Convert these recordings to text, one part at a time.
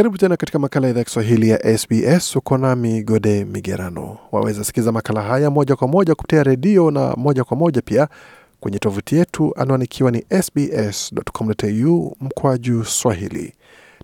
Karibu tena katika makala ya idhaa ya Kiswahili ya SBS. Uko nami Gode Migerano. Waweza sikiza makala haya moja kwa moja kupitia redio na moja kwa moja pia kwenye tovuti yetu, anwani ikiwa ni sbs.com.au mkwaju swahili.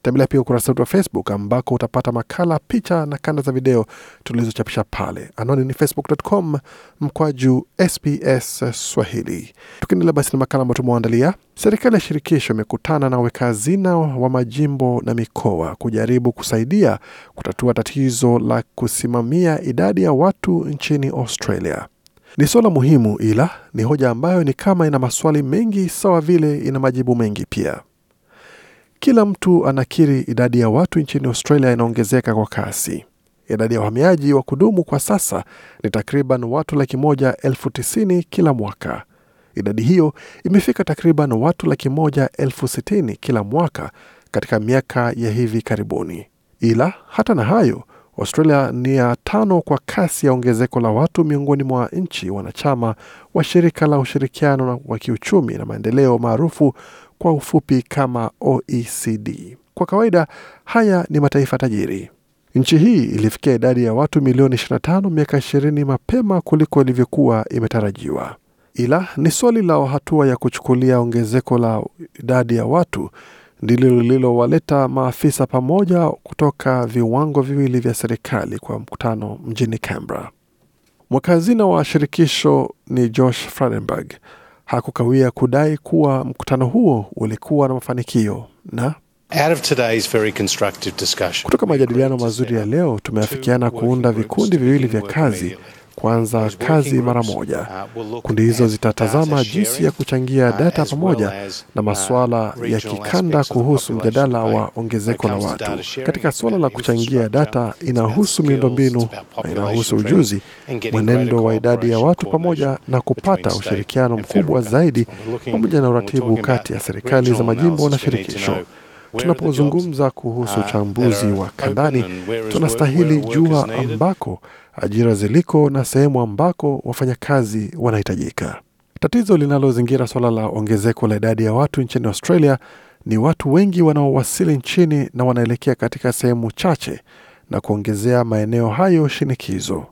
Tembelea pia ukurasa wetu wa Facebook ambako utapata makala, picha na kanda za video tulizochapisha pale. Anwani ni facebook.com mkwaju SBS Swahili. Tukiendelea basi na makala ambayo tumewaandalia, serikali ya shirikisho imekutana na weka hazina wa majimbo na mikoa kujaribu kusaidia kutatua tatizo la kusimamia idadi ya watu nchini Australia. Ni suala muhimu, ila ni hoja ambayo ni kama ina maswali mengi sawa vile ina majibu mengi pia. Kila mtu anakiri idadi ya watu nchini Australia inaongezeka kwa kasi. Idadi ya wahamiaji wa kudumu kwa sasa ni takriban watu laki moja elfu tisini kila mwaka. Idadi hiyo imefika takriban watu laki moja elfu sitini kila mwaka katika miaka ya hivi karibuni. Ila hata na hayo, Australia ni ya tano kwa kasi ya ongezeko la watu miongoni mwa nchi wanachama wa shirika la ushirikiano wa kiuchumi na maendeleo maarufu kwa ufupi kama OECD. Kwa kawaida haya ni mataifa tajiri. Nchi hii ilifikia idadi ya watu milioni 25 miaka 20 mapema kuliko ilivyokuwa imetarajiwa, ila ni swali la hatua ya kuchukulia ongezeko la idadi ya watu ndilo lililowaleta maafisa pamoja kutoka viwango viwili vya serikali kwa mkutano mjini Canberra. Mwakazina wa shirikisho ni Josh Frydenberg hakukawia kudai kuwa mkutano huo ulikuwa na mafanikio na kutoka majadiliano mazuri ya leo tumeafikiana kuunda vikundi viwili vya kazi kuanza kazi mara moja. Uh, Kundi hizo zitatazama jinsi ya kuchangia uh, data pamoja na uh, masuala ya kikanda kuhusu mjadala wa ongezeko la watu. Katika suala la kuchangia data, inahusu miundombinu na inahusu ujuzi, mwenendo wa idadi ya watu pamoja na kupata ushirikiano mkubwa zaidi, pamoja na uratibu kati ya serikali za majimbo na shirikisho. Tunapozungumza kuhusu ah, uchambuzi wa kandani, tunastahili jua ambako ajira ziliko na sehemu ambako wafanyakazi wanahitajika. Tatizo linalozingira suala la ongezeko la idadi ya watu nchini Australia ni watu wengi wanaowasili nchini na wanaelekea katika sehemu chache na kuongezea maeneo hayo shinikizo.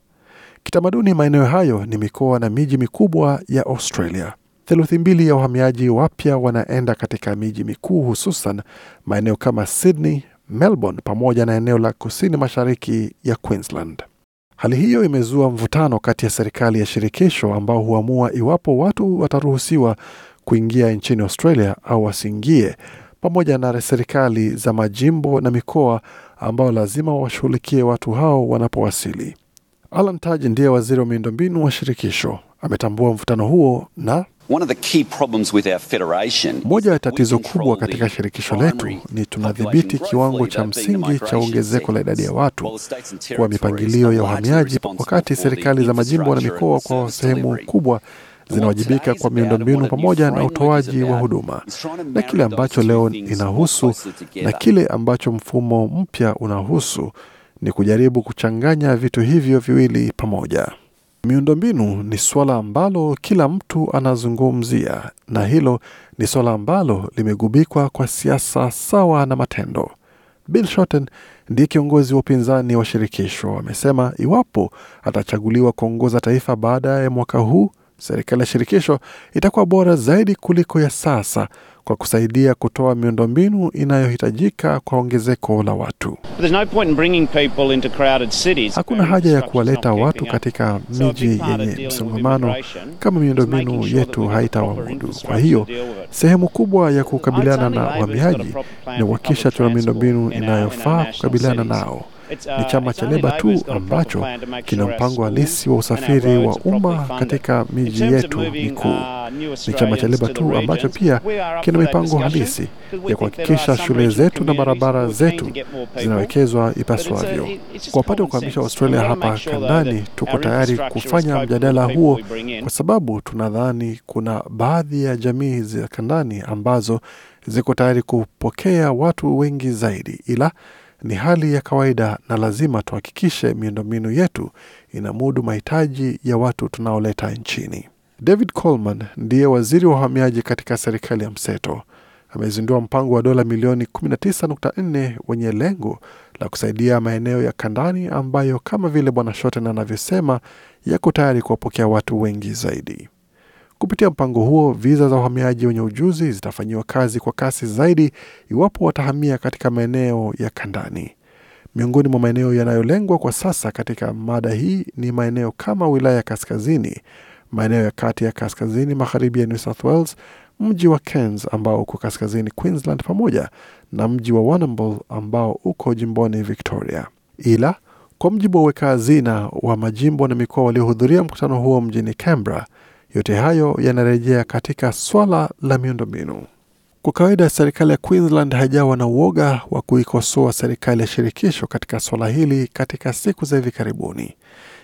Kitamaduni, maeneo hayo ni mikoa na miji mikubwa ya Australia. Theluthi mbili ya uhamiaji wapya wanaenda katika miji mikuu, hususan maeneo kama Sydney, Melbourne pamoja na eneo la kusini mashariki ya Queensland. Hali hiyo imezua mvutano kati ya serikali ya shirikisho ambao huamua iwapo watu wataruhusiwa kuingia nchini Australia au wasiingie, pamoja na serikali za majimbo na mikoa ambao lazima washughulikie watu hao wanapowasili. Alan taj ndiye waziri wa miundombinu wa shirikisho, ametambua mvutano huo na moja ya tatizo kubwa katika shirikisho letu ni tunadhibiti kiwango cha msingi cha ongezeko la idadi ya watu kwa mipangilio ya uhamiaji, wakati serikali za majimbo na mikoa kwa sehemu kubwa zinawajibika kwa miundombinu pamoja na utoaji wa huduma, na kile ambacho leo inahusu na kile ambacho mfumo mpya unahusu ni kujaribu kuchanganya vitu hivyo viwili pamoja. Miundombinu ni swala ambalo kila mtu anazungumzia na hilo ni swala ambalo limegubikwa kwa siasa sawa na matendo. Bill Shorten ndiye kiongozi wa upinzani wa shirikisho amesema iwapo atachaguliwa kuongoza taifa baada ya mwaka huu, serikali ya shirikisho itakuwa bora zaidi kuliko ya sasa kwa kusaidia kutoa miundombinu inayohitajika kwa ongezeko la watu. Hakuna haja ya kuwaleta watu katika miji yenye msongamano kama miundombinu yetu haitawamudu. Kwa hiyo sehemu kubwa ya kukabiliana na uhamiaji ni kuhakikisha tuna miundombinu inayofaa kukabiliana nao. Uh, uh, ni chama cha Leba tu ambacho kina mpango halisi wa usafiri wa umma katika miji yetu mikuu. Ni chama cha Leba tu ambacho pia kina mipango halisi ya kuhakikisha shule zetu na barabara zetu zinawekezwa uh, ipaswavyo. Kwa upande wa kuhamisha Australia hapa kandani, tuko tayari kufanya mjadala huo, kwa sababu tunadhani kuna baadhi ya jamii za kandani ambazo ziko tayari kupokea watu wengi zaidi, ila ni hali ya kawaida na lazima tuhakikishe miundombinu yetu inamudu mahitaji ya watu tunaoleta nchini. David Coleman ndiye waziri wa uhamiaji katika serikali ya mseto. Amezindua mpango wa dola milioni 19.4 wenye lengo la kusaidia maeneo ya kandani ambayo kama vile Bwana Shoten anavyosema yako tayari kuwapokea watu wengi zaidi. Kupitia mpango huo, viza za uhamiaji wenye ujuzi zitafanyiwa kazi kwa kasi zaidi iwapo watahamia katika maeneo ya kandani. Miongoni mwa maeneo yanayolengwa kwa sasa katika mada hii ni maeneo kama wilaya ya kaskazini, maeneo ya kati ya kaskazini magharibi ya New South Wales, mji wa Cairns ambao uko kaskazini Queensland, pamoja na mji wa Warrnambool ambao uko jimboni Victoria. Ila kwa mjibu wa weka hazina wa majimbo na mikoa waliohudhuria mkutano huo mjini Canberra, yote hayo yanarejea katika swala la miundombinu. Kwa kawaida serikali ya Queensland haijawa na uoga wa kuikosoa serikali ya shirikisho katika swala hili katika siku za hivi karibuni,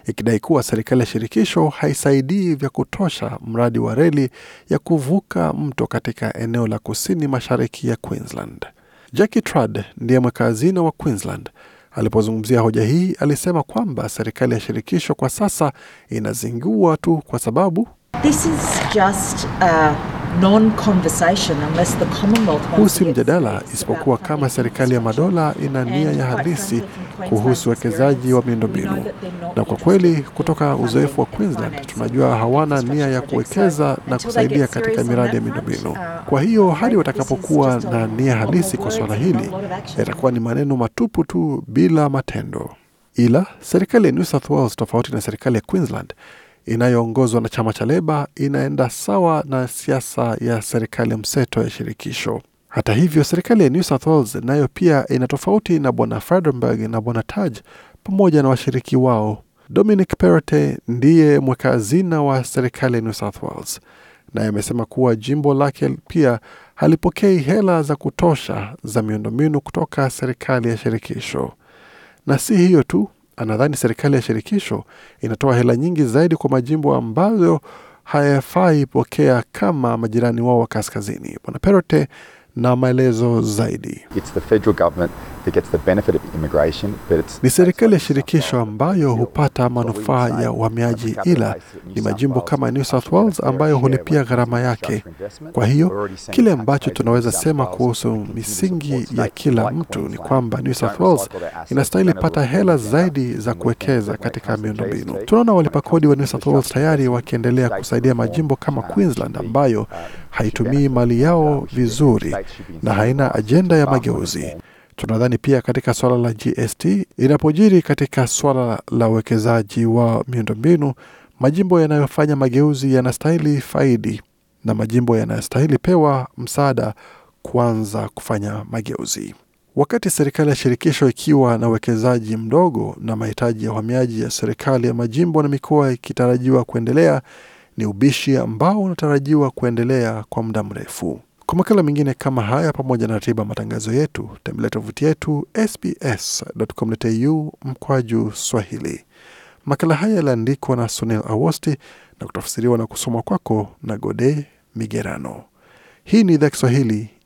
ikidai kuwa serikali ya shirikisho haisaidii vya kutosha mradi wa reli ya kuvuka mto katika eneo la kusini mashariki ya Queensland. Jackie Trad ndiye mweka hazina wa Queensland. Alipozungumzia hoja hii, alisema kwamba serikali ya shirikisho kwa sasa inazingua tu kwa sababu huu si mjadala, isipokuwa kama serikali ya madola ina nia ya halisi kuhusu uwekezaji wa miundombinu, na kwa kweli, kutoka uzoefu wa Queensland tunajua hawana nia ya kuwekeza na kusaidia katika miradi ya miundombinu. Uh, kwa hiyo hadi watakapokuwa na nia halisi kwa suala hili, yatakuwa ni maneno matupu tu bila matendo. Ila serikali ya New South Wales, tofauti na serikali ya Queensland, inayoongozwa na chama cha Leba inaenda sawa na siasa ya serikali mseto ya shirikisho. Hata hivyo, serikali ya New South Wales nayo pia ina tofauti na bwana Frydenberg na bwana Taj pamoja na washiriki wao. Dominic Perrottet ndiye mweka hazina wa serikali ya New South Wales, naye amesema kuwa jimbo lake pia halipokei hela za kutosha za miundombinu kutoka serikali ya shirikisho. Na si hiyo tu, anadhani serikali ya shirikisho inatoa hela nyingi zaidi kwa majimbo ambayo hayafai pokea kama majirani wao wa kaskazini. Bwana Perote na maelezo zaidi. Ni serikali ya shirikisho ambayo hupata manufaa ya uhamiaji, ila ni majimbo kama New South Wales ambayo hulipia gharama yake. Kwa hiyo kile ambacho tunaweza sema kuhusu misingi ya kila mtu ni kwamba New South Wales inastahili pata hela zaidi za kuwekeza katika miundombinu. Tunaona walipa kodi wa New South Wales tayari wakiendelea kusaidia majimbo kama Queensland ambayo haitumii mali yao vizuri na haina ajenda ya mageuzi. Tunadhani pia katika swala la GST inapojiri katika swala la uwekezaji wa miundombinu, majimbo yanayofanya mageuzi yanastahili faidi na majimbo yanayostahili pewa msaada kuanza kufanya mageuzi. Wakati serikali ya shirikisho ikiwa na uwekezaji mdogo na mahitaji ya uhamiaji ya serikali ya majimbo na mikoa ikitarajiwa kuendelea, ni ubishi ambao unatarajiwa kuendelea kwa muda mrefu. Kwa makala mengine kama haya pamoja na ratiba matangazo yetu, tembelea tovuti yetu sbs.com.au mkwaju Swahili. Makala haya yaliandikwa na Sunil Awosti na kutafsiriwa na kusoma kwako na Gode Migerano. Hii ni idhaa Kiswahili